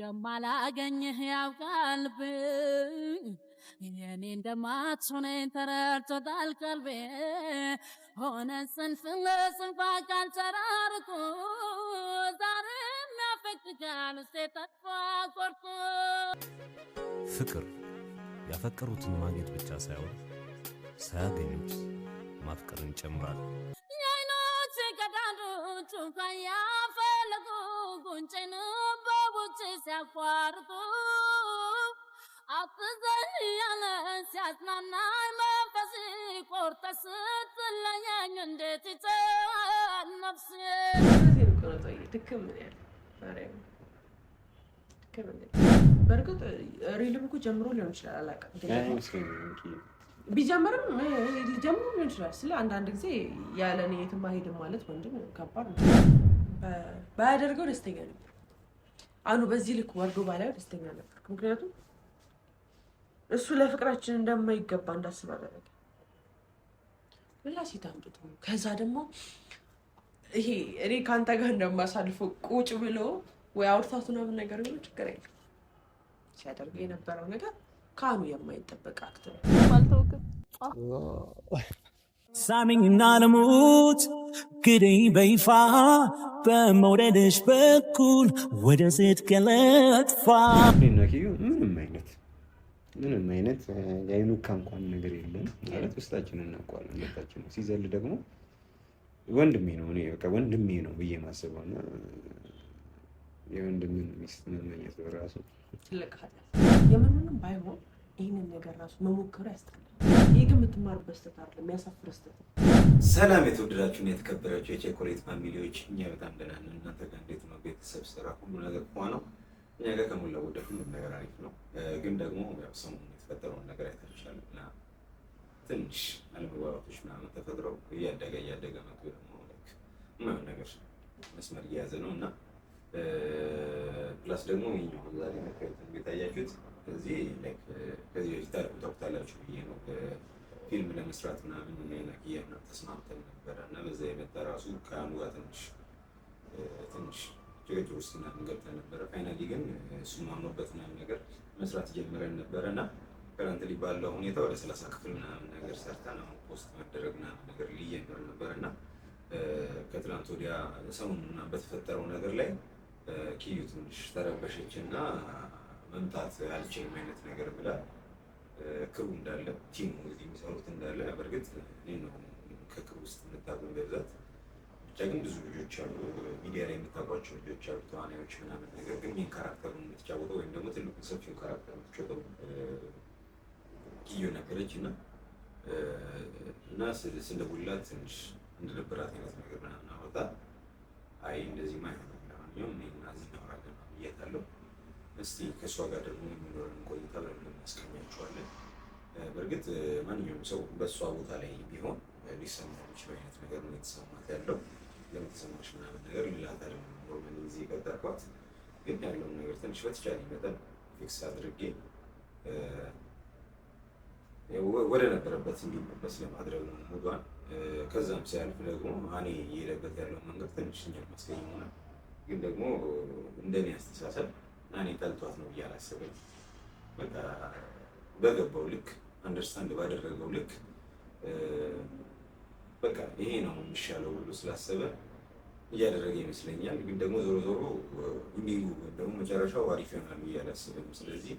እንደማላገኝህ ያውቃልብ የኔ እንደማትሆነኝ ተረድቶታል ቀልቤ ሆነ ስንፍ ስንፋ ካልተራርቁ ዛሬ ናፈቅካል ውስጤ ተጥፋ ቆርጦ ፍቅር ያፈቀሩትን ማግኘት ብቻ ሳይሆን ሳያገኙት ማፍቀርን ይጨምራል የአይኖች ቀዳዶቹ ጉንጭን በጉንጭ ሲያፏርጡ አትዘን ያለ ሲያዝናናኝ መንፈስ ቆርጠ ስትለያኝ እንዴት ይጫል ነፍስ በእርግጥ ሪልም እኮ ጀምሮ ሊሆን ይችላል፣ አላውቅም። ቢጀምርም ጀምሮ ሊሆን ይችላል። ስለ አንዳንድ ጊዜ ያለ እኔ የትም አይሄድም ማለት ወንድም ከባድ ነው። ባያደርገው ደስተኛ ነበር። አኑ በዚህ ልክ ወርዶ ባላዩ ደስተኛ ነበር። ምክንያቱም እሱ ለፍቅራችን እንደማይገባ እንዳስብ አደረገ። ሌላ ሴት አምጥቶ ከዛ ደግሞ ይሄ እኔ ከአንተ ጋር እንደማሳልፈው ቁጭ ብሎ ወይ አውርታቱ ምናምን ነገር ሆኖ ችግር የለም። ሲያደርግ የነበረው ነገር ከአኑ የማይጠበቅ አክት ነው። ሳሚኝና ልሙት ግደኝ በይፋ በመውደድሽ በኩል ወደ ጽድቅ ለጥፋ። ምንም አይነት ምንም አይነት የአይኑካ እንኳን ነገር የለም ማለት ውስጣችን እናውቀዋለን። ሁለታችን ሲዘል ደግሞ ወንድሜ ነው እኔ በቃ ወንድሜ ነው ብዬ ማስበው እና የወንድምን ሚስት መመኘት በራሱ ትልቅ ኃጢአት የምንም ባይሆን ይህንን ነገር ራሱ መሞከሩ ያስጠላል። ይህ ግን የምትማርበት ስህተት አይደለም፣ የሚያሳፍር ስህተት ነው። ሰላም የተወደዳችሁና የተከበራችሁ የቸኮሌት ፋሚሊዎች፣ እኛ በጣም ደህና ነን። እናንተ ጋር እንዴት ነው? ቤተሰብ፣ ስራ፣ ሁሉ ነገር ኳ ነው። እኛ ጋር ከሞላ ጎደል ሁሉም ነገር አሪፍ ነው። ግን ደግሞ ያው ሰሞኑን የተፈጠረውን ነገር አይታችኋል እና ትንሽ አለመግባባቶች ምናምን ተፈጥረው እያደገ እያደገ መ ደግሞ ምናምን ነገር መስመር እየያዘ ነው እና ፕላስ ደግሞ ይኛው ዛሬ ነገር መታያችሁት ስለዚህ ከዚህ በፊት ታውቁታላችሁ ብዬ ነው ፊልም ለመስራት ምናምን ና ጊያና ተስማምተን ነበረ እና በዛ የመጣ ራሱ ከአንዱ ጋር ትንሽ ትንሽ ጭቅጭቅ ውስጥ ምናምን ገብተን ነበረ። ፋይናሊ ግን እሱ ማምኖበት ምናምን ነገር መስራት ጀምረን ነበረ እና ከረንትሊ ባለው ሁኔታ ወደ ሰላሳ ክፍል ምናምን ነገር ሰርተን አሁን ፖስት መደረግ ምናምን ነገር ሊጀምር ነበር እና ከትናንት ወዲያ ሰውን በተፈጠረው ነገር ላይ ኪዩ ትንሽ ተረበሸች እና መምጣት አልችልም አይነት ነገር ብላ ክሩ እንዳለ ቲሙ እዚህ የሚሰሩት እንዳለ በእርግጥ እኔን ነው ከክሩ ውስጥ የምታውቁኝ በብዛት ብቻ ግን ብዙ ልጆች አሉ፣ ሚዲያ ላይ የምታውቋቸው ልጆች አሉ፣ ተዋናዮች ምናምን። ነገር ግን ይህን ካራክተር የምትጫወተው ወይም ደግሞ ትልቁን ሰፊው ካራክተር የምትጫወተው ጊዮ ነበረች እና እና ስለ ሁላት ትንሽ እንደነበራት አይነት ነገር ምናምን አወጣ። አይ እንደዚህ ማይሆነ ለማንኛውም እኔ እና እዚህ እናወራለን ብያታለሁ። እስቲ ከእሷ ጋር ደግሞ የሚኖረን ቆይታ ብለን እናስቀኛቸዋለን። በእርግጥ ማንኛውም ሰው በእሷ ቦታ ላይ ቢሆን ሊሰማ የሚችል አይነት ነገር ነው የተሰማት ያለው። ለምትሰማች ምናምን ነገር ይላታል። ኖርማል ጊዜ ቀጠርኳት፣ ግን ያለውን ነገር ትንሽ በተቻለ መጠን ፊክስ አድርጌ ወደ ነበረበት እንዲመለስ ለማድረግ ነው ሙዷን። ከዛም ሲያልፍ ደግሞ እኔ እየሄደበት ያለው መንገድ ትንሽ እኛን ማስቀኝ ሆናል፣ ግን ደግሞ እንደኔ አስተሳሰብ እና እኔ ጠልቷት ነው ብዬ አላስብም። በቃ በገባው ልክ አንደርስታንድ ባደረገው ልክ በቃ ይሄ ነው የሚሻለው ብሎ ስላሰበ እያደረገ ይመስለኛል። ግን ደግሞ ዞሮ ዞሮ ኢንዲንጉ ደግሞ መጨረሻው አሪፍ ይሆናል ብዬ አላስብም። ስለዚህ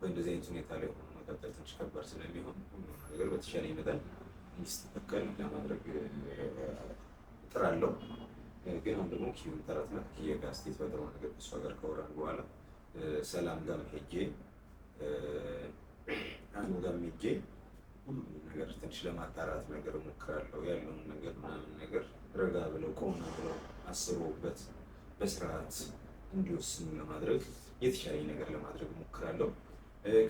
በእንደዚህ አይነት ሁኔታ ላይ ሆኖ መቀጠል ትንሽ ከባድ ስለሚሆን ነገር በተሻለ ይመጣል እንዲስተካከል ለማድረግ እጥራለሁ። ግን አሁን ደግሞ ኪዩ ተረትና ኪየ ጋር ስቴት በጥሩ ነገር ከእሷ ጋር ከወራን በኋላ ሰላም ጋር ሄጄ አንዱ ጋር ሄጄ ሁሉም ነገር ትንሽ ለማጣራት ነገር እሞክራለሁ። ያለውን ነገር ምናምን ነገር ረጋ ብለው ቆና ብለው አስበውበት በስርዓት እንዲወስኑ ለማድረግ የተሻለ ነገር ለማድረግ እሞክራለሁ።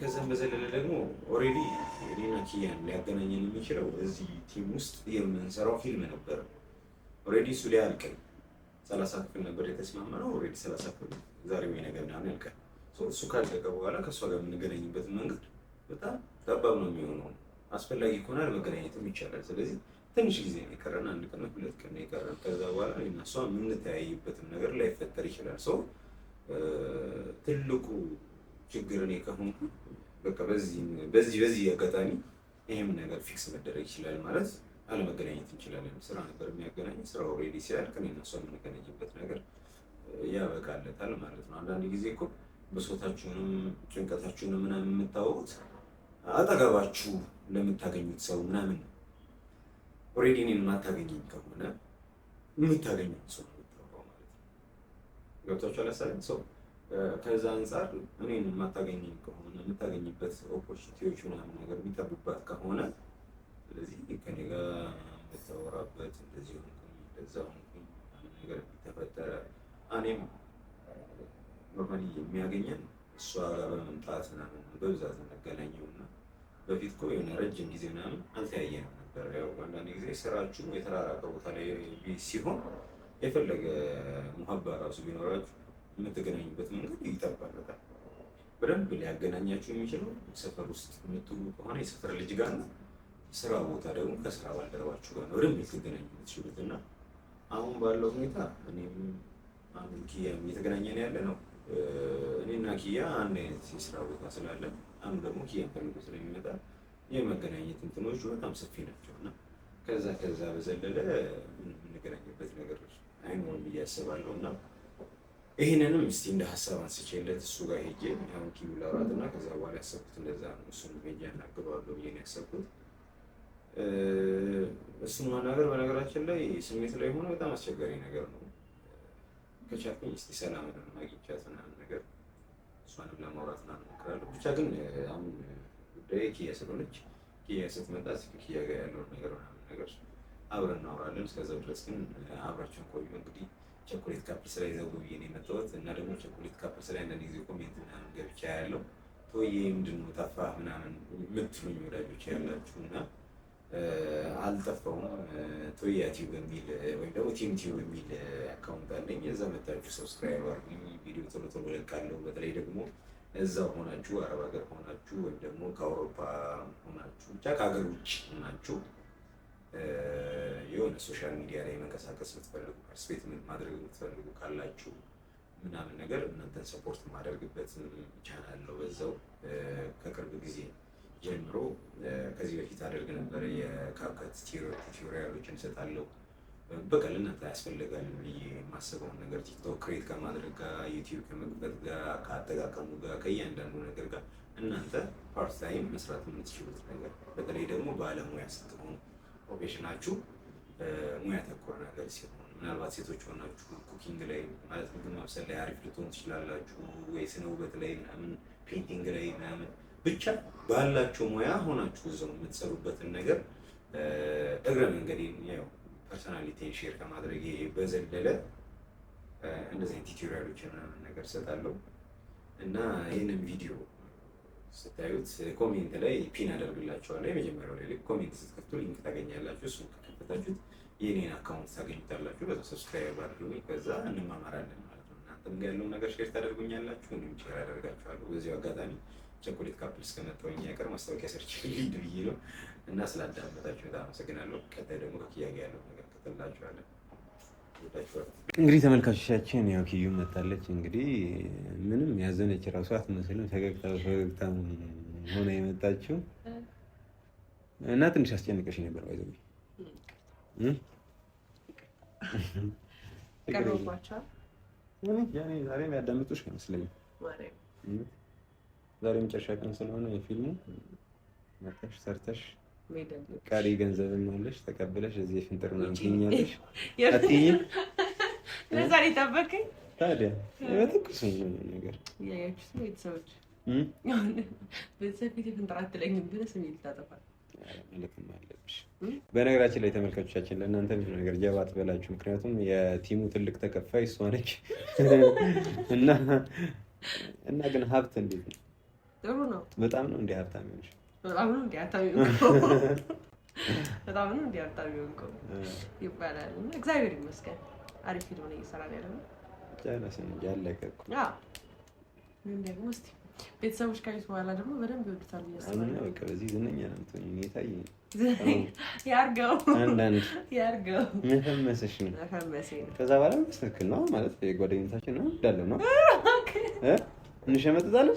ከዛም በዘለለ ደግሞ ኦሬዲ እኔና ኪያን ሊያገናኘን የሚችለው እዚህ ቲም ውስጥ የምንሰራው ፊልም ነበረ። ኦሬዲ እሱ ላይ ሰላሳ ክፍል ነበር የተስማማነው። ኦልሬዲ ሰላሳ ክፍል ዛሬ ወይ ነገር ምናምን ያልቃል። እሱ ካለቀ በኋላ ከእሷ ጋር የምንገናኝበት መንገድ በጣም ጠባብ ነው የሚሆነው። አስፈላጊ ከሆነ መገናኘትም ይቻላል። ስለዚህ ትንሽ ጊዜ ነው የቀረን፣ አንድ ቀን ሁለት ቀን ነው የቀረን። ከዛ በኋላ እኔና እሷ የምንተያይበትም ነገር ላይፈጠር ይችላል። ሰው ትልቁ ችግር እኔ ከሆንኩ በዚህ በዚህ አጋጣሚ ይህም ነገር ፊክስ መደረግ ይችላል ማለት አለመገናኘት እንችላለን። ስራ ነበር የሚያገናኝ ስራ ኦልሬዲ ሲያልቅ እኔና እሷ የምንገናኝበት ነገር ያበቃለታል ማለት ነው። አንዳንድ ጊዜ እኮ ብሶታችሁንም ጭንቀታችሁንም ምናምን የምታወቁት አጠገባችሁ ለምታገኙት ሰው ምናምን ነው። ኦልሬዲ እኔን የማታገኘኝ ከሆነ የምታገኙት ሰው የምታወራው ማለት ነው። አላሳለን ሰው ከዛ አንጻር እኔን የማታገኘኝ ከሆነ የምታገኝበት ኦፖርቹኒቲዎች ምናምን ነገር የሚጠቡባት ከሆነ እሷ ጋር በመምጣት ምናምን በብዛት የምንገናኘው እና በፊት እኮ የሆነ ረጅም ጊዜ ምናምን አልተያየንም ነበር። ያው አንዳንድ ጊዜ ስራችሁ የተራራቀ ቦታ ላይ ሲሆን የፈለገ ሙሀባ ራሱ ቢኖራችሁ የምትገናኙበት መንገድ ይጠባበታል። በደንብ ሊያገናኛችሁ የሚችለው ሰፈር ውስጥ የምትሉ ከሆነ የሰፈር ልጅ ጋር ነው። ስራ ቦታ ደግሞ ከስራ ባልደረባችሁ ጋር ነው በደንብ ልትገናኙ የምትችሉት እና አሁን ባለው ሁኔታ እኔም አሁን ኪያም እየተገናኘን ያለ ነው እኔና ኪያ አንድ አይነት የስራ ቦታ ስላለን አንዱ ደግሞ ኪያ ፈልጎ ስለሚመጣ የመገናኘት እንትኖቹ በጣም ሰፊ ናቸው እና ከዛ ከዛ በዘለለ የምንገናኝበት ነገር አይኖርም ብዬ አስባለሁ እና ይህንንም እስቲ እንደ ሀሳብ አንስቼለት እሱ ጋር ሄጄ አሁን ኪዩ ላውራት እና ከዛ በኋላ ያሰብኩት እንደዛ ነው። እሱን ሄጄ አናግረዋለሁ ብዬ ነው ያሰብኩት። እሱን ማናገር በነገራችን ላይ ስሜት ላይ ሆነ በጣም አስቸጋሪ ነገር ነው። ከቻልኩኝ እስቲ ሰላምን አግኝቻት ምናምን ነገር እሷንም ለማውራት ምናምን እሞክራለሁ። ብቻ ግን አሁን ጉዳይ ኪያ ስለሆነች ኪያ ስትመጣ ኪያ ጋር ያለውን ነገር ምናምን ነገር አብረን እናወራለን። እስከዛ ድረስ ግን አብራችሁን ቆዩ። እንግዲህ ቸኮሌት ካፕል ስራ ይዘው ብዬ ነው የመጣሁት እና ደግሞ ቸኮሌት ካፕል ስራ አንዳንድ ጊዜ ኮሜንት ምናምን ገብቻ ያለው ቶዬ ምንድን ነው ጠፋህ ምናምን የምትሉኝ ወዳጆች ያላችሁ እና አልጠፋውም ቶያ ቲዩብ የሚል ወይም ደግሞ ቲም ቲዩብ የሚል አካውንት አለኝ። እዛ መታችሁ ሰብስክራይብ አርጉኝ። ቪዲዮ ቶሎ ቶሎ እለቃለሁ። በተለይ ደግሞ እዛ ሆናችሁ አረብ ሀገር ሆናችሁ ወይም ደግሞ ከአውሮፓ ሆናችሁ ብቻ ከሀገር ውጭ ሆናችሁ የሆነ ሶሻል ሚዲያ ላይ መንቀሳቀስ የምትፈልጉ ፓርቲስፔት ማድረግ የምትፈልጉ ካላችሁ ምናምን ነገር እናንተን ሰፖርት ማደርግበት ቻናል ነው። በዛው ከቅርብ ጊዜ ጀምሮ ከዚህ በፊት አደርግ ነበረ። የካብከት ቲዩቶሪያሎችን እሰጣለሁ። በቃ ለእናንተ ያስፈልጋል ብዬ የማስበውን ነገር ቲክቶክ ክሬት ከማድረግ ጋር፣ ዩቲዩብ ከመግበት ጋር፣ ከአጠቃቀሙ ጋር፣ ከእያንዳንዱ ነገር ጋር እናንተ ፓርት ታይም መስራት የምትችሉት ነገር በተለይ ደግሞ ባለሙያ ስትሆኑ ፕሮፌሽናችሁ ሙያ ተኮር ነገር ሲሆን ምናልባት ሴቶች ሆናችሁ ኩኪንግ ላይ ማለት ምግብ ማብሰል ላይ አሪፍ ልትሆኑ ትችላላችሁ፣ ወይ ስነ ውበት ላይ ምናምን፣ ፔንቲንግ ላይ ምናምን ብቻ ባላችሁ ሙያ ሆናችሁ እዛው የምትሰሩበትን ነገር እግረ መንገዴን ያው ፐርሶናሊቲን ሼር ከማድረግ በዘለለ እንደዚህ አይነት ምናምን ነገር እሰጣለሁ እና ይህንን ቪዲዮ ስታዩት ኮሜንት ላይ ፒን አደርግላችኋለሁ። የመጀመሪያው ላይ ኮሜንት ስትከፍቱ ሊንክ ታገኛላችሁ። እሱ ከከፈታችሁት የኔን አካውንት ታገኙታላችሁ። በዛ ሰብስክራይብ አድርጉ። ከዛ እንማማራለን ማለት ነው። እናንተም ጋር ያለውን ነገር ሼር ታደርጉኛላችሁ፣ እኔም ሼር አደርጋችኋለሁ። በዚሁ አጋጣሚ ቸኮሌት ካፕል እኛ ያቀር ማስታወቂያ ሰርች ሊድ ብዬ ነው። እና ስላዳመጣችሁ በጣም አመሰግናለሁ። ቀጣይ ደግሞ ከኪያ ጋር ያለው ነገር ከተላችኋለን። እንግዲህ ተመልካቾቻችን ያው ኪዩ መጣለች። እንግዲህ ምንም ያዘነች ራሱ አትመስልም። ፈገግታ ፈገግታ ሆነ የመጣችው እና ትንሽ አስጨንቀሽ ነበር ባይዘ ያኔ ዛሬ ያዳምጡሽ አይመስለኝም ዛሬ መጨረሻ ቀን ስለሆነ የፊልሙ መጥተሽ ሰርተሽ ቀሪ ገንዘብ አለሽ ተቀብለሽ እዚህ የፍንጥር ነው ትኛለሽ። አትይኝ ለዛሬ ጠበቀኝ። ታዲያ በትኩስ ነገር በነገራችን ላይ ተመልካቾቻችን ለእናንተ ልጅ ነገር ጀባ አትበላችሁ። ምክንያቱም የቲሙ ትልቅ ተከፋይ እሷ ነች እና እና ግን ሀብት እንዴት ነው ጥሩ ነው። በጣም ነው እንደ ሀብታም ይሆንሽ። በጣም ነው እንደ ሀብታም ይሆንከው። በጣም ነው እንደ ሀብታም ይባላል። እግዚአብሔር ይመስገን አሪፍ ፊልም ነው እየሰራን ያለ ነው። ያለቀ ምን ደግሞ እስኪ ቤተሰቦች ካዩት በኋላ ደግሞ በደንብ ይወዱታል እያስባለሁ። በቃ በዚህ ዝነኛ ነው የምትሆኝ ሁኔታ ያርገው አንዳንድ ያርገው መፈመሰሽ ነው ከዛ በኋላ መስተክል ነው ማለት የጓደኝነታችን ነው እንዳለው ነው እንሸመጥጣለን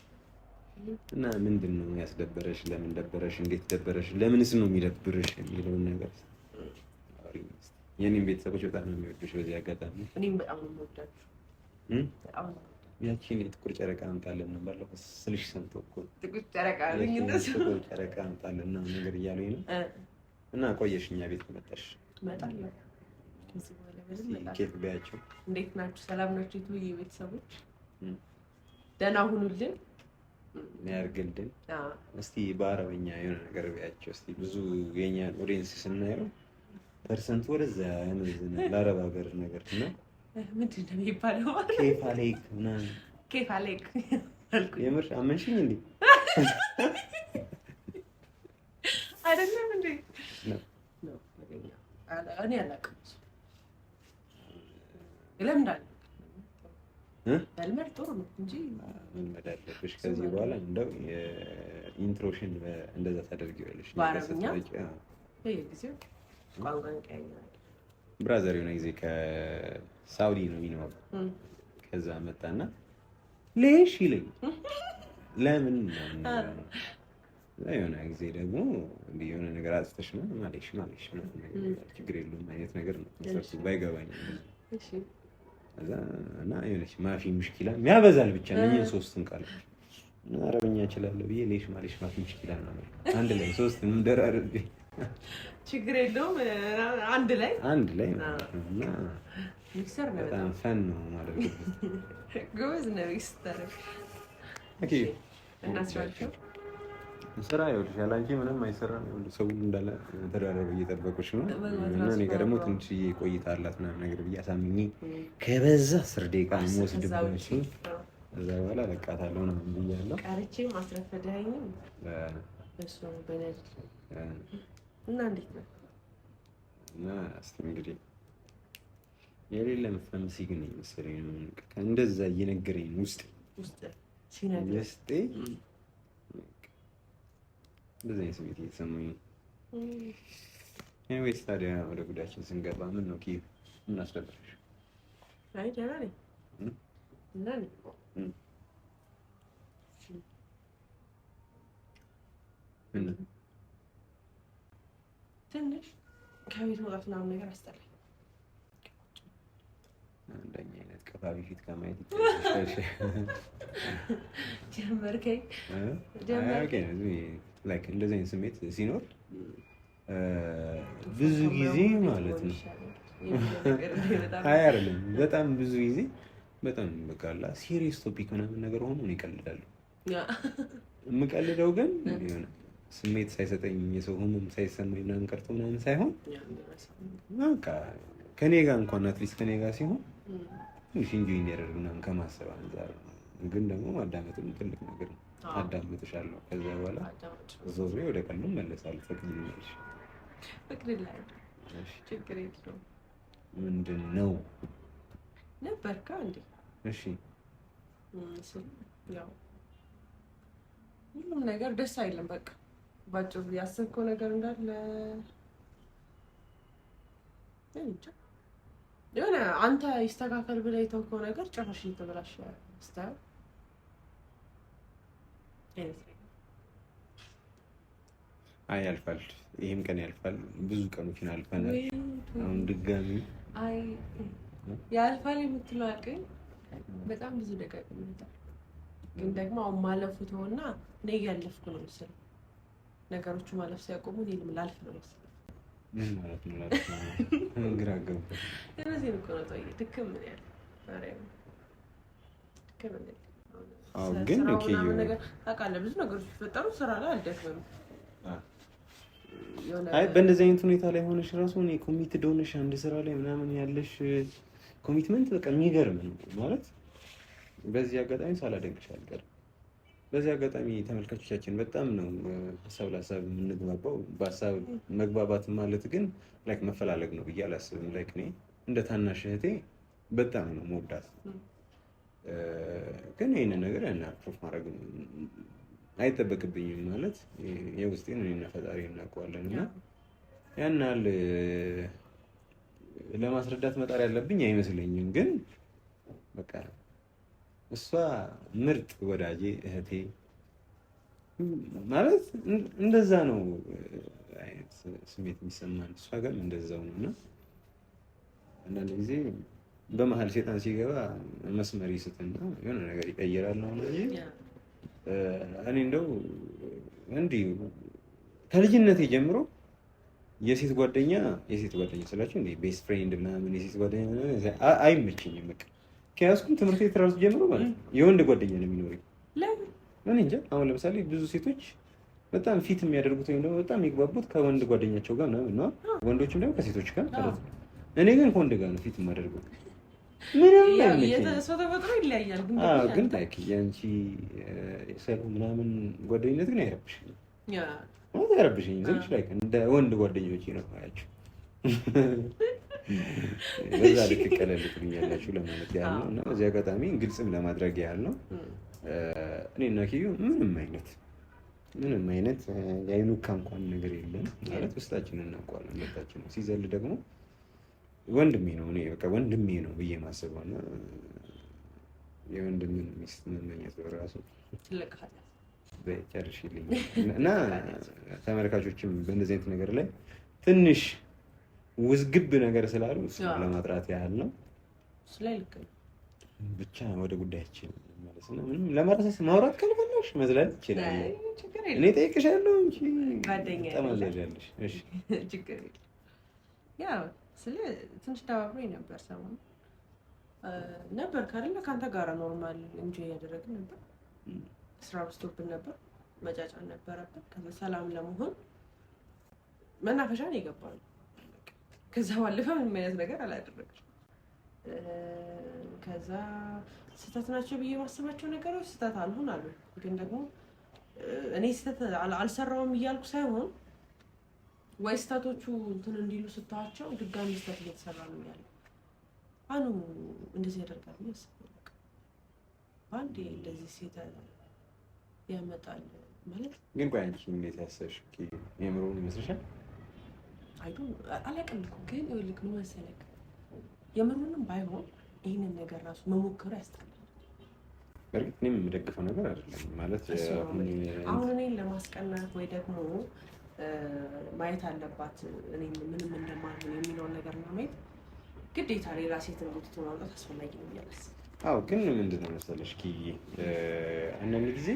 እና ምንድን ነው ያስደበረሽ? ለምን ደበረሽ? እንዴት ደበረሽ? ለምንስ ነው የሚደብርሽ የሚለውን ነገር የኔም ቤተሰቦች በጣም ነው የሚወዱሽ። በዚህ አጋጣሚ እኔም በጣም ነው የምወዳችሁ። ያቺን የጥቁር ጨረቃ አምጣልን ነው ባለፈው ስልሽ ሰምቶ እኮ ጥቁር ጨረቃ አምጣልን ነው ነገር እያሉኝ ነው። እና ቆየሽ፣ እኛ ቤት መጣሽ። ኬት ቢያቸው እንዴት ናችሁ? ሰላም ናችሁ? የቤተሰቦች ደህና ሁኑልን። ያርግልን። እስቲ በአረበኛ የሆነ ነገር ቢያቸው እስቲ ብዙ የኛ ኦዲንስ ስናየው ፐርሰንት ወደዛ ለአረብ ሀገር ነገር ምንድን ነው የሚባለው? ኬፋሌክ ምናምን ኬፋሌክ የምር አመንሽኝ እንዴ? አይደለም እንዴ? እኔ መልመድ ጥሩ ነው እንጂ መልመድ አለብሽ። ከዚህ በኋላ እንደው ኢንትሮሽን እንደዛ ታደርጊዋለሽ። በየጊዜው ብራዘር የሆነ ጊዜ ከሳውዲ ነው የሚኖር። ከዛ መጣና ሌሽ ይለኝ ለምን የሆነ ጊዜ ደግሞ የሆነ ነገር አጽተሽ ነው ማለሽ ማለሽ ችግር የለውም አይነት ነገር ነው ባይገባኝ እና ይኸውልሽ ማፊ ምሽኪላ የሚያበዛል ብቻ ነው። ሶስቱን ቃል አረብኛ እችላለሁ ብዬ ሌሽ ማሌሽ ማፊ ምሽኪላ አንድ ላይ ሶስት እንደራርብ ችግር የለውም። አንድ ላይ አንድ ላይ በጣም ፈን ነው ማለት ነው። ጎበዝ ነው ሚክስተር። ኦኬ ስራ ይኸውልሻል፣ አንቺ ምንም አይሰራም። ሰው እንዳለ ተደራረብ እየጠበቁች ነው። እኔ ጋር ደግሞ ትንሽ ቆይታ አላት ምናምን ነገር ብዬ አሳምኜ ከበዛ አስር ደቂቃ የሚወስድ እዛ በኋላ ለቃታለሁ ነው ብያለሁ። ቀርቼም አስረፈደኸኝም እና እንዴት ነው እና እስኪ እንግዲህ የሌለ መፈመስ ግን መሰለኝ እንደዛ እየነገረኝ ውስጥ ውስጤ እንደዚህ አይነት ስሜት እየተሰማኝ ነው። ኤኒዌይስ ታዲያ ወደ ጉዳያችን ስንገባ ምን ነው ኪ ምን አስደበረሽ? አይ ደህና ነኝ። እና ትንሽ ከቤት መውጣት ምናምን ነገር አስጠላኝ። ከፋቢ ፊት ከማየት እንደዚህ አይነት ስሜት ሲኖር ብዙ ጊዜ ማለት ነው። አይደለም፣ በጣም ብዙ ጊዜ በጣም በቃላ ሲሪየስ ቶፒክ ምናምን ነገር ሆኖ ነው ይቀልዳሉ። የምቀልደው ግን ሆነ ስሜት ሳይሰጠኝ የሰው ህመም ሳይሰማኝ ምናምን ቀርቶ ምናምን ሳይሆን በቃ ከኔ ጋር እንኳን አትሊስት ከኔ ጋር ሲሆን ትንሽ እንጂ እንዲያደርግ ምናምን ከማሰብ አንጻር ነው። ግን ደግሞ ማዳመጥም ትልቅ ነገር ነው። አዳምጥሻለሁ፣ ከዚያ በኋላ ዞሬ ወደ ቀሉ መለሳል። ፈቅድልኛልሽ ፍቅድ ምንድን ነው ነበርካ እንዴ? እሺ ሁሉም ነገር ደስ አይልም። በቃ ባጭሩ ያሰብከው ነገር እንዳለ የሆነ አንተ ይስተካከል ብለህ የተውከው ነገር ጭራሽ እየተበላሸ ስታየው አይ ያልፋል። ይህም ቀን ያልፋል። ብዙ ቀኖችን አልፈናል። አሁን ድጋሚ ያልፋል የምትለው አቅም በጣም ብዙ ደቀቅ ግን ደግሞ አሁን ማለፉ ተሆና እኔ እያለፍኩ ነው ምስል ነገሮቹ ማለፍ ሲያቆሙ እኔንም ላልፍ ነው ምስል ምን ማለት ነው? ግራ ገባኝ። እነዚህን እኮ ነው ድክም ምን ግን ታውቃለህ፣ ብዙ ነገሮች ሲፈጠሩ ስራ ላይ አልደክምም። አይ በእንደዚህ አይነት ሁኔታ ላይ ሆነሽ ራሱ እኔ ኮሚትድ ሆነሽ አንድ ስራ ላይ ምናምን ያለሽ ኮሚትመንት በቃ የሚገርም ነው ማለት በዚህ አጋጣሚ ሳላደንቅሽ አልቀርም። በዚህ አጋጣሚ ተመልካቾቻችን በጣም ነው ሀሳብ ለሀሳብ የምንግባባው። በሀሳብ መግባባት ማለት ግን ላይክ መፈላለግ ነው ብዬ አላስብም። ላይክ እኔ እንደ ታናሽ እህቴ በጣም ነው መውዳት፣ ግን ይህን ነገር ያን ፕሩፍ ማድረግ አይጠበቅብኝም። ማለት የውስጤን እኔና ፈጣሪ እናውቀዋለን እና ያን ያህል ለማስረዳት መጣር ያለብኝ አይመስለኝም ግን በቃ እሷ ምርጥ ወዳጄ እህቴ ማለት እንደዛ ነው አይነት ስሜት የሚሰማን እሷ ጋርም እንደዛው ነው። እና አንዳንድ ጊዜ በመሀል ሴጣን ሲገባ መስመር ይስትና የሆነ ነገር ይቀይራል ነው እንጂ እኔ እንደው እንዲህ ከልጅነቴ ጀምሮ የሴት ጓደኛ የሴት ጓደኛ ስላቸው ቤስት ፍሬንድ ምናምን የሴት ጓደኛ አይመችኝም በቃ ከያዝኩም ትምህርት ቤት ራሱ ጀምሮ ማለት ነው የወንድ ጓደኛ ነው የሚኖረኝ። እኔ እንጃ አሁን ለምሳሌ ብዙ ሴቶች በጣም ፊት የሚያደርጉት ወይም ደግሞ በጣም የሚግባቡት ከወንድ ጓደኛቸው ጋር ምናምን ነው፣ ወንዶችም ደግሞ ከሴቶች ጋር ማለት ነው። እኔ ግን ከወንድ ጋር ነው ፊት የማደርገው። ምንም ተፈጥሮ ይለያያል። ግን ላይክ የአንቺ ሰሉ ምናምን ጓደኝነት ግን አይረብሽኝም። ማለት አይረብሽኝም ስልሽ ላይክ እንደ ወንድ ጓደኞች ነው ያቸው በዛ ልክ ቀለልትልኛላችሁ ለማለት ያህል ነው። እና በዚህ አጋጣሚ ግልጽም ለማድረግ ያህል ነው። እኔና ኪዩ ምንም አይነት ምንም አይነት የአይኑካ እንኳን ነገር የለም ማለት ውስጣችንን እናውቀዋለን። ሁለታችን ሲዘል ደግሞ ወንድሜ ነው እኔ በቃ ወንድሜ ነው ብዬ ማስበው እና የወንድምን ሚስት መመኘት በራሱ ጨርሽልኝ እና ተመልካቾችም በእንደዚህ አይነት ነገር ላይ ትንሽ ውዝግብ ነገር ስላሉ ለማጥራት ያህል ነው። ብቻ ወደ ጉዳያችን መለስና ምንም ለመረሰስ ማውራት ካልፈለሽ መዝለል ይችላል። እኔ ጠይቅሻለሁ እንጂ ጠመዘዣለሽ። ያው ስለ ትንሽ ደባብሮኝ ነበር ሰሞኑን ነበር ካለ ከአንተ ጋር ኖርማል እንጂ እያደረግን ነበር። ስራ በዝቶብን ነበር፣ መጫጫን ነበረብን። ከዛ ሰላም ለመሆን መናፈሻን ይገባሉ ከዛ ባለፈ ምንም አይነት ነገር አላደረግም። ከዛ ስህተት ናቸው ብዬ የማስባቸው ነገሮች ስህተት አልሆን አሉ። ግን ደግሞ እኔ ስህተት አልሰራውም እያልኩ ሳይሆን ወይ ስህተቶቹ እንትን እንዲሉ ስታቸው ድጋሚ ስህተት እየተሰራ ነው ያለ አኑ እንደዚህ ያደርጋል ያስበለቅ በአንዴ እንደዚህ ሴተ ያመጣል ማለት ግን ቆይ አንቺ እንዴት ያሰብሽ የምሮውን ይመስልሻል? አይዱ አላውቅም እኮ ግን ይኸውልህ ምን መሰለህ የምሩንም ባይሆን ይህንን ነገር ራሱ መሞከሩ ያስጠላል። በእርግጥ እኔም የምደግፈው ነገር አይደለም ማለት አሁን እኔን ለማስቀናት ወይ ደግሞ ማየት አለባት እኔም ምንም እንደማልሆን የሚለውን ነገር ማየት ግዴታ ማምጣት አስፈላጊ ነው እያለስ አዎ ግን ምንድን ነው መሰለሽ አንዳንድ ጊዜ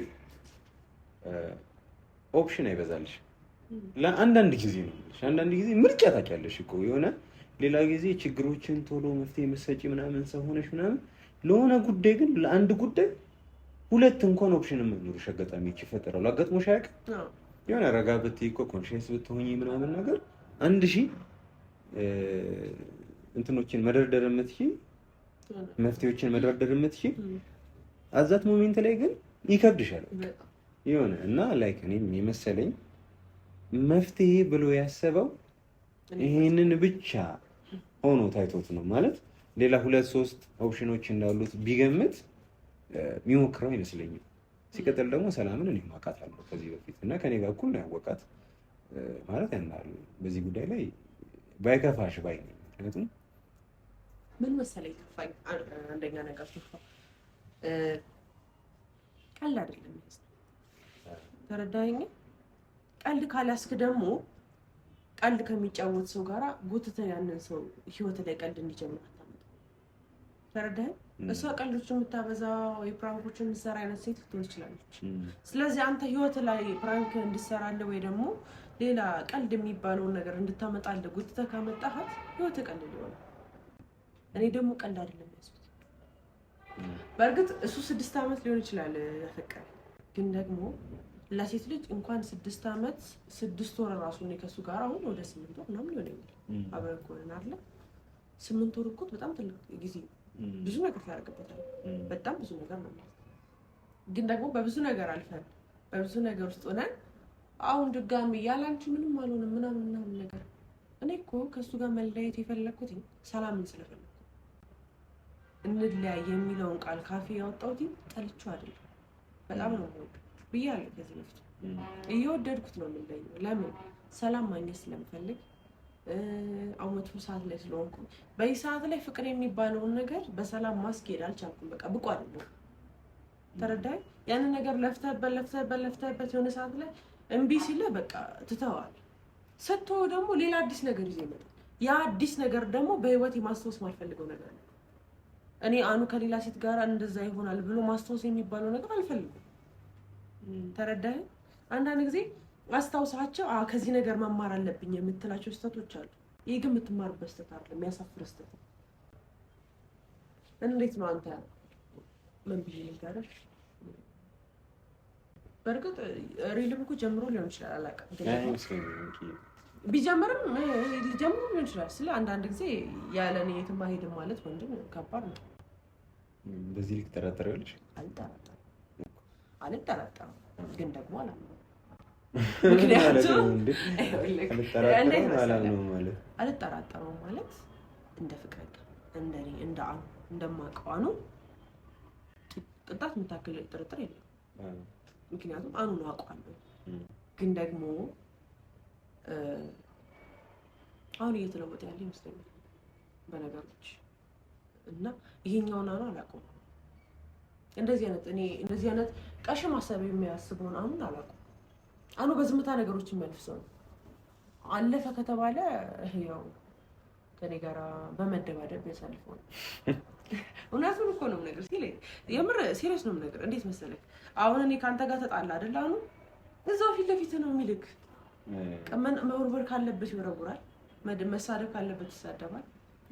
ኦፕሽን አይበዛልሽ ለአንዳንድ ጊዜ ነው። አንዳንድ ጊዜ ምርጫ ታውቂያለሽ እኮ የሆነ ሌላ ጊዜ ችግሮችን ቶሎ መፍትሄ መሰጪ ምናምን ሰው ሆነሽ ምናምን ለሆነ ጉዳይ ግን ለአንድ ጉዳይ ሁለት እንኳን ኦፕሽን የማይኖርሽ አጋጣሚዎች ይፈጠራሉ። አጋጥሞሽ አያውቅም? የሆነ ረጋ ብትይ እኮ ኮንሽንስ ብትሆኝ ምናምን ነገር አንድ ሺህ እንትኖችን መደርደር የምትሽ መፍትሄዎችን መደርደር የምትሽ አዛት ሞሜንት ላይ ግን ይከብድሻል የሆነ እና ላይክ እኔም የመሰለኝ መፍትሄ ብሎ ያሰበው ይሄንን ብቻ ሆኖ ታይቶት ነው ማለት ሌላ ሁለት ሶስት ኦፕሽኖች እንዳሉት ቢገምት የሚሞክረው አይመስለኝም። ሲቀጥል ደግሞ ሰላምን እኔ አለ ከዚህ በፊት እና ከኔ ጋር እኩል ነው ያወቃት ማለት ያናሉ በዚህ ጉዳይ ላይ ባይከፋሽ ባይ ነኝ። ምክንያቱም ምን መሰለኝ ከፋኝ፣ አንደኛ ነገር ከፋ ቀላል አይደለም ተረዳኸኝ። ቀልድ ካላስክ ደግሞ ቀልድ ከሚጫወት ሰው ጋራ ጎትተ ያንን ሰው ህይወት ላይ ቀልድ እንዲጀምር አታመጣም። ተረዳኸኝ? እሷ ቀልዶች የምታበዛ ወይ ፕራንኮች የምትሰራ አይነት ሴት ልትሆን ትችላለች። ስለዚህ አንተ ህይወት ላይ ፕራንክ እንድሰራለ ወይ ደግሞ ሌላ ቀልድ የሚባለውን ነገር እንድታመጣለ ጉትተ ካመጣሃት ህይወት ቀልድ ይሆናል። እኔ ደግሞ ቀልድ አይደለም ያስት። በእርግጥ እሱ ስድስት ዓመት ሊሆን ይችላል ያፈቀረ ግን ደግሞ ለሴት ልጅ እንኳን ስድስት ዓመት ስድስት ወር ራሱ እኔ ከእሱ ጋር አሁን ወደ ስምንት ወር ምናምን ሊሆን የሚል አብረን ከሆነን አለ ስምንት ወር እኮ በጣም ትልቅ ጊዜ ብዙ ነገር ታደርግበታል። በጣም ብዙ ነገር ነው። ግን ደግሞ በብዙ ነገር አልፈን በብዙ ነገር ውስጥ ሆነን አሁን ድጋሚ ያለ አንቺ ምንም አልሆነም ምናምን ምናምን ነገር እኔ እኮ ከእሱ ጋር መለያየት የፈለግኩት ሰላምን ስለፈለግኩ እንለያይ የሚለውን ቃል ካፌ ያወጣሁት ጠልቼው አይደለም። በጣም ነው የምወደው ብያለሁ ከዚህ በፊት እየወደድኩት ነው የምንለየው። ለምን ሰላም ማግኘት ስለምፈልግ አመቱ ሰዓት ላይ ስለሆንኩ በዚህ ሰዓት ላይ ፍቅር የሚባለውን ነገር በሰላም ማስኬድ አልቻልኩም። በቃ ብቁ አይደለሁም። ተረዳይ ያንን ነገር ለፍተህበት ለፍተህበት ለፍተህበት የሆነ ሰዓት ላይ እምቢ ሲለ በቃ ትተዋል። ሰጥቶ ደግሞ ሌላ አዲስ ነገር ይዞ ይመጣል። ያ አዲስ ነገር ደግሞ በህይወት ማስታወስ ማልፈልገው ነገር ነው። እኔ አኑ ከሌላ ሴት ጋር እንደዛ ይሆናል ብሎ ማስታወስ የሚባለው ነገር አልፈልግም። ተረዳህ? አንዳንድ ጊዜ አስታውሳቸው ከዚህ ነገር መማር አለብኝ የምትላቸው ስህተቶች አሉ። ይህ ግን የምትማርበት ስህተት አይደለም፣ የሚያሳፍር ስህተት እንዴት ነው አንተ ምን ብዬ ልንገርህ? በእርግጥ ሪልም እኮ ጀምሮ ሊሆን ይችላል፣ አላውቅም። ቢጀምርም ጀምሮ ሊሆን ይችላል። ስለ አንዳንድ ጊዜ ያለ እኔ የትም አሄድም ማለት ወንድም ከባድ ነው። በዚህ ልክ ልጅ አልጠረጠ አልጠራጠርም፣ ግን ደግሞ አላምንም። ምክንያቱም ማለት እንደ ፍቅረኛ እንደ እንደ አኑ እንደማውቀው አኑ ቅጣት የምታክል ጥርጥር የለም። ምክንያቱም አኑን አውቀዋለሁ። ግን ደግሞ አሁን እየተለወጠ ያለ ይመስለኛል በነገሮች እና ይሄኛውን አኑ አላውቀውም እንደዚህ አይነት እኔ እንደዚህ አይነት ቀሽ ማሰብ የሚያስበውን አሁን አላውቅም። አኑ በዝምታ ነገሮች የሚያልፍ ሰው ነው። አለፈ ከተባለ ያው ከኔ ጋር በመደባደብ ያሳልፈው። እውነቱን እኮ ነው ነገር ሲል የምር ሲሪየስ ነው ነገር። እንዴት መሰለህ አሁን እኔ ከአንተ ጋር ተጣላ አይደል? አኑ እዛው ፊት ለፊት ነው የሚልክ። ቀመን መወርወር ካለበት ይወረውራል፣ መሳደብ ካለበት ይሳደባል።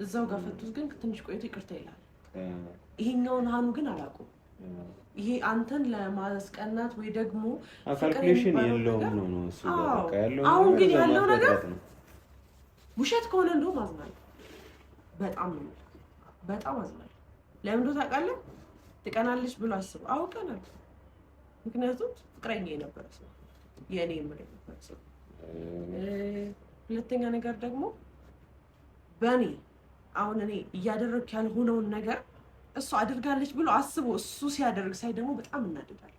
እዛው ጋር ፈቱት። ግን ትንሽ ቆይቶ ይቅርታ ይላል። ይሄኛውን አኑ ግን አላውቀውም ይሄ አንተን ለማስቀናት ወይ ደግሞ ካልኩሌሽን የለውም ነው ነው እሱ ያለው። አሁን ግን ያለው ነገር ውሸት ከሆነ እንደውም አዝናለሁ፣ በጣም ነው በጣም አዝናለሁ። ለምን እንደው ታውቃለህ፣ ትቀናለች ብሎ አስቡ አውቀናል። ምክንያቱም ፍቅረኛ የነበረ ሰው የእኔ የምልህ የነበረ ሰው። ሁለተኛ ነገር ደግሞ በእኔ አሁን እኔ እያደረግክ ያልሆነውን ነገር እሱ አድርጋለች ብሎ አስቦ እሱ ሲያደርግ ሳይ ደግሞ በጣም እናድጋል።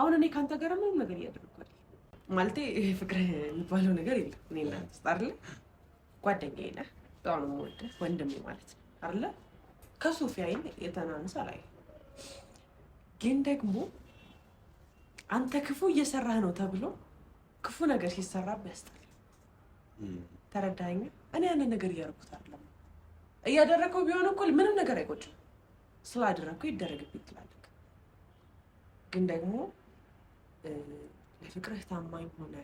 አሁን እኔ ከአንተ ጋር ምንም ነገር እያደረግኳል ማለቴ ፍቅር የሚባለው ነገር የለም። እኔ እናንተ አይደለ ጓደኛዬ ነህ፣ በጣም ነው የምወደህ፣ ወንድሜ ማለት ነው አይደለ ከሶፊያዬን የተናነሰ ላይ ግን ደግሞ አንተ ክፉ እየሰራህ ነው ተብሎ ክፉ ነገር ሲሰራብህ ያስጠላል። ተረዳኸኝ? እኔ ያንን ነገር እያደረኩት እያደረግከው ቢሆን እኮ ምንም ነገር አይቆጭም። ስላደረግከው ይደረግብኝ ትላለህ። ግን ደግሞ ለፍቅርህ ታማኝ ሆነ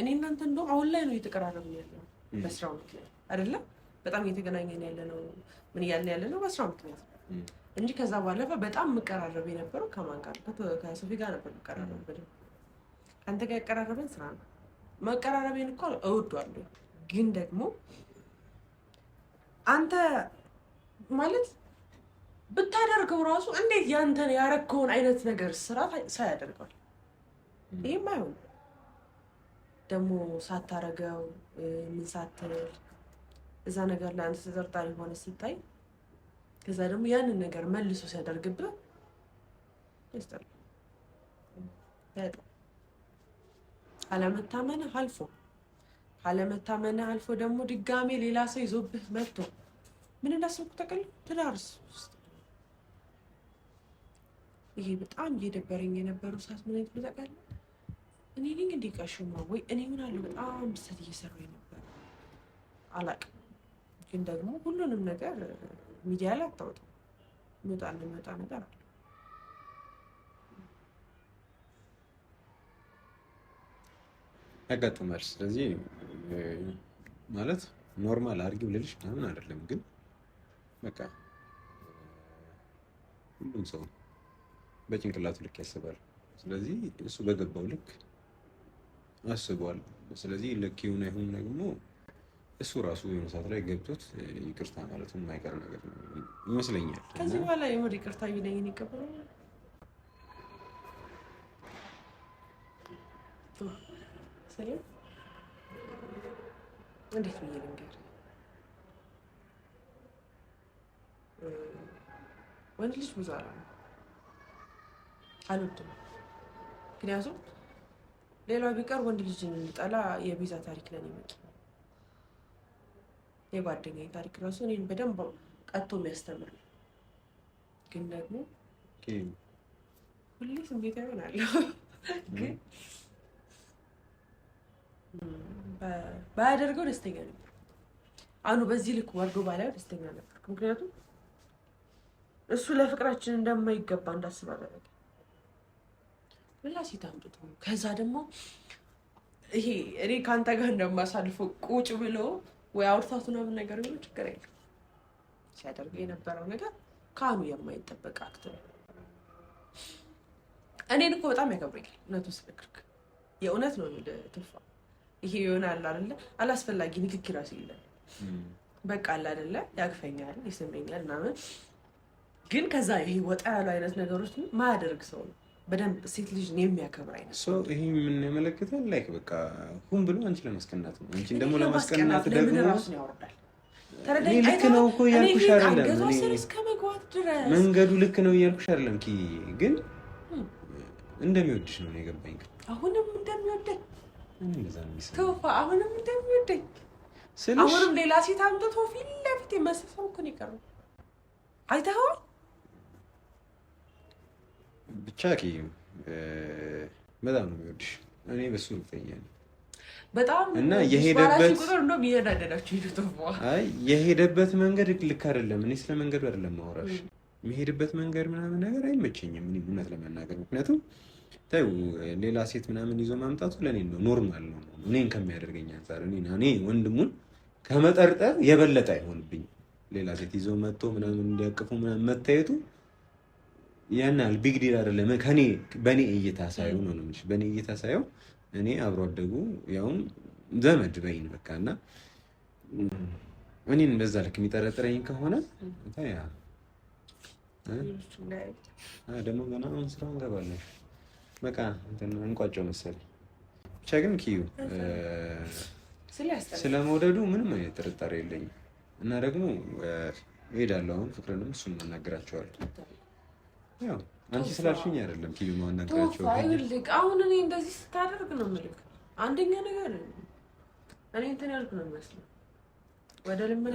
እኔ እናንተ እንደውም አሁን ላይ ነው እየተቀራረብን ያለው በስራው ምክንያት አይደለም። በጣም እየተገናኘን ያለ ነው ምን እያለ ያለ ነው በስራው ምክንያት እንጂ ከዛ ባለፈ በጣም የምቀራረብ የነበረው ከማን ጋር? ከሶፊ ጋር ነበር የምቀራረብ በደምብ። ከአንተ ጋር ያቀራረበን ስራ ነው። መቀራረቤን እኮ እወዳለሁ፣ ግን ደግሞ አንተ ማለት ብታደርገው ራሱ እንዴት ያንተን ያረከውን አይነት ነገር ስራ ሳያደርገዋል? ይህም አይሆን ደግሞ ሳታረገው ምን ሳትል እዛ ነገር ላይ አንተ ተጠርጣሪ ሆነ ስታይ፣ ከዛ ደግሞ ያንን ነገር መልሶ ሲያደርግብህ አለመታመን አልፎ ካለመታመንህ አልፎ ደግሞ ድጋሜ ሌላ ሰው ይዞብህ መጥቶ ምን እንዳስብኩ ተቀል ትዳርስ ውስጥ ይሄ በጣም እየደበረኝ የነበረው ሰዓት ምን አይነት ብጠቀል እኔ ነኝ እንዲ ቀሽማ ወይ እኔ ምን አለ በጣም ብሰት እየሰራ ነበር አላቅም። ግን ደግሞ ሁሉንም ነገር ሚዲያ ላይ አታወጣም። ሚወጣ እንደሚወጣ ነገር አለ ያጋጥማል። ስለዚህ ማለት ኖርማል አድርጊው ልልሽ ምናምን አይደለም፣ ግን በቃ ሁሉም ሰው በጭንቅላቱ ልክ ያስባል። ስለዚህ እሱ በገባው ልክ አስቧል። ስለዚህ ልክ ይሁን አይሁን ደግሞ እሱ ራሱ የሆነ ሰዓት ላይ ገብቶት ይቅርታ ማለቱ የማይቀር ነገር ይመስለኛል። ከዚህ በኋላ የሆድ ይቅርታ ቢለኝን ይቀበላል። ሰላም እንዴት ብዬ ልንገር? ወንድ ልጅ ብዙ አላ አልወድም። ምክንያቱም ሌላው ቢቀር ወንድ ልጅን እንጠላ የቤዛ ታሪክ ነን ይመጡ የጓደኛዬ ታሪክ ራሱ እኔን በደንብ ቀጥቶ የሚያስተምር ነው። ግን ደግሞ ሁሌ ስሜት ይሆናለሁ ግን ባያደርገው ደስተኛ ነበር። አኑ በዚህ ልክ ወርዶ ባላዩ ደስተኛ ነበር። ምክንያቱም እሱ ለፍቅራችን እንደማይገባ እንዳስብ አደረገ። ሌላ ሴት አምጥቶ ከዛ ደግሞ ይሄ እኔ ከአንተ ጋር እንደማሳልፈው ቁጭ ብሎ ወይ አውርታቱ ምናምን ነገር ሆኖ ችግር የለም። ሲያደርገው የነበረው ነገር ከአኑ የማይጠበቅ አክት ነው። እኔን እኮ በጣም ያከብረኛል እውነቱ ስነግርክ የእውነት ነው ትፋ ይሄ የሆነ አለ አይደለ? አላስፈላጊ ንክኪ ራሱ የለም። በቃ አለ አይደለ? ያቅፈኛል፣ ይስመኛል ምናምን። ግን ከዛ ይሄ ወጣ ያሉ አይነት ነገሮች ማያደርግ ሰው ነው በደንብ ሴት ልጅ የሚያከብር አይነት ሰው። ይሄ ምን ያመለክተ ላይክ በቃ ሁን ብሎ አንቺ ለማስቀናት ነው። አንቺን ደግሞ ለማስቀናት ደግሞ ራሱን ያወርዳል። ተረዳኝ። ልክ ነው እኮ እያልኩሽ አይደለም፣ መንገዱ ልክ ነው እያልኩሽ አይደለም። ግን እንደሚወድሽ ነው የገባኝ። አሁንም እንደሚወደድ አሁንም እንደሚወደኝ አሁንም ሌላ ሴት አምጥቶ ፊት ለፊት የመሰሰው እኮ ነው የቀረው። አይተኸዋል። ብቻ በጣም ነው የሚወድሽ። እኔ በሱ እርግጠኛ ነኝ በጣም እና የሄደበት አይ የሄደበት መንገድ ልክ አይደለም። እኔ ስለ መንገዱ አይደለም ማውራሽ የሚሄድበት መንገድ ምናምን ነገር አይመቸኝም እውነት ለመናገር ምክንያቱም ተይው ሌላ ሴት ምናምን ይዞ ማምጣቱ ለእኔ ነው ኖርማል ነው። እኔን ከሚያደርገኝ አንጻር እኔ ወንድሙን ከመጠርጠር የበለጠ አይሆንብኝ። ሌላ ሴት ይዞ መጥቶ ምናምን እንዲያቅፉ ምናምን መታየቱ ያን ያህል ቢግ ዲል አይደለም። ከኔ በእኔ እይታ ሳየው ነው ነው በእኔ እይታ ሳየው እኔ አብሮ አደጉ ያውም ዘመድ በይን በቃ እና እኔን በዛ ልክ የሚጠረጥረኝ ከሆነ ያ ደግሞ ገና አሁን ስራ እንገባለን። በቃ እንቋጫው መሰለኝ። ብቻ ግን ኪዩ ስለመውደዱ ምንም አይነት ጥርጣሬ የለኝም እና ደግሞ እሄዳለሁ አሁን ፍቅርንም እሱን እናናግራቸዋለን። አንቺ ስላልሽኝ አይደለም ኪዩ ማናገራቸው። አሁን እኔ እንደዚህ ስታደርግ ነው የምልክ። አንደኛ ነገር እኔ እንትን ያልኩ ነው የሚመስለው ወደ ልምን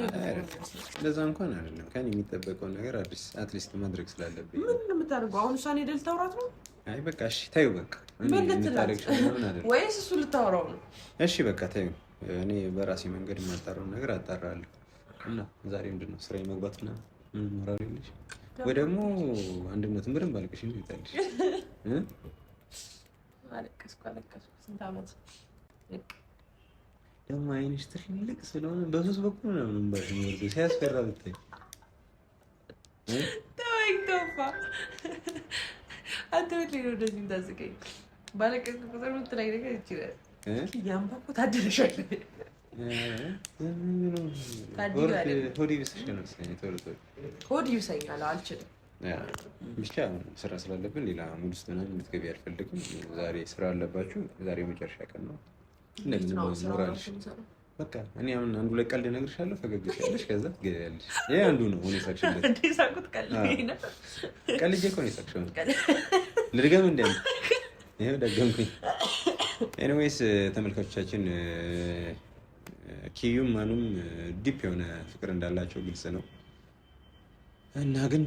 እንደዛ እንኳን አይደለም ከእኔ የሚጠበቀውን ነገር አትሊስት ማድረግ ስላለብኝ ምን የምታደርገው አሁን እሷን ሄደህ ልታውራት ነው አይ በቃ እሺ ታዩ በቃ ወይስ እሱ ልታወራው ነው? እሺ በቃ ታዩ። እኔ በራሴ መንገድ የማጣራውን ነገር አጣራለሁ። እና ዛሬ ምንድን ነው ስራ መግባት ና ምን ሞራል ወይ ደግሞ አንድነትን በደንብ አልቅሽ ይታልሽ ደግሞ አይንሽ ትልቅ ስለሆነ በሶስት በኩል ነው ምንባሽ ወርዶ ሲያስፈራ ብታይ አንተ ቤት ላይ ነው እንደዚህ እንዳዘገኝ ባለቀስኩ ቁጥር ምትላይ ነገር ይችላል ያንባኮ ታድለሻል። ሆድ ይብሰኛል፣ አልችልም። ብቻ ስራ ስላለብን ሌላ ሙድ ውስጥ እንድትገቢ አልፈልግም። ዛሬ ስራ አለባችሁ። ዛሬ መጨረሻ ቀን ነው። በቃ እኔ አሁን አንዱ ላይ ቀልድ እነግርሻለሁ፣ ፈገግ ትያለሽ፣ ከዛ ትገቢያለሽ። ይሄ አንዱ ነው። ሳቁት እኮ ነው የሳቅሽው። ልድገም ይሄው ደገምኩኝ። ኤኒዌይስ ተመልካቾቻችን ኪዩም ማኑም ዲፕ የሆነ ፍቅር እንዳላቸው ግልጽ ነው እና ግን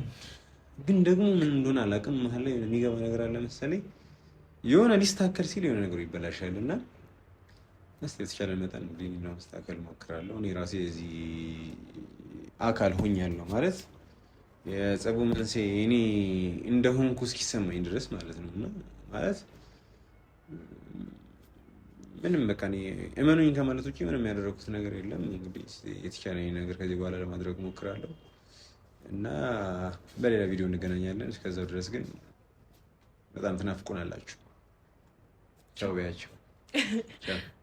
ግን ደግሞ ምን እንደሆነ አላውቅም። መሀል ላይ የሚገባ ነገር አለ መሰለኝ የሆነ ሊስታከር ሲል የሆነ ነገሩ ይበላሻል እና ስ የተቻለ መጠን እንግዲህ ለማስተካከል ሞክራለሁ። እኔ ራሴ የዚህ አካል ሆኛለሁ ማለት የጸቡ መንሴ እኔ እንደሆንኩ እስኪሰማኝ ድረስ ማለት ነው። እና ማለት ምንም በቃ እመኑኝ ከማለት ውጭ ምንም ያደረጉት ነገር የለም። እንግዲህ የተቻለኝ ነገር ከዚህ በኋላ ለማድረግ እሞክራለሁ እና በሌላ ቪዲዮ እንገናኛለን። እስከዛው ድረስ ግን በጣም ትናፍቁናላችሁ። ቻው በያቸው።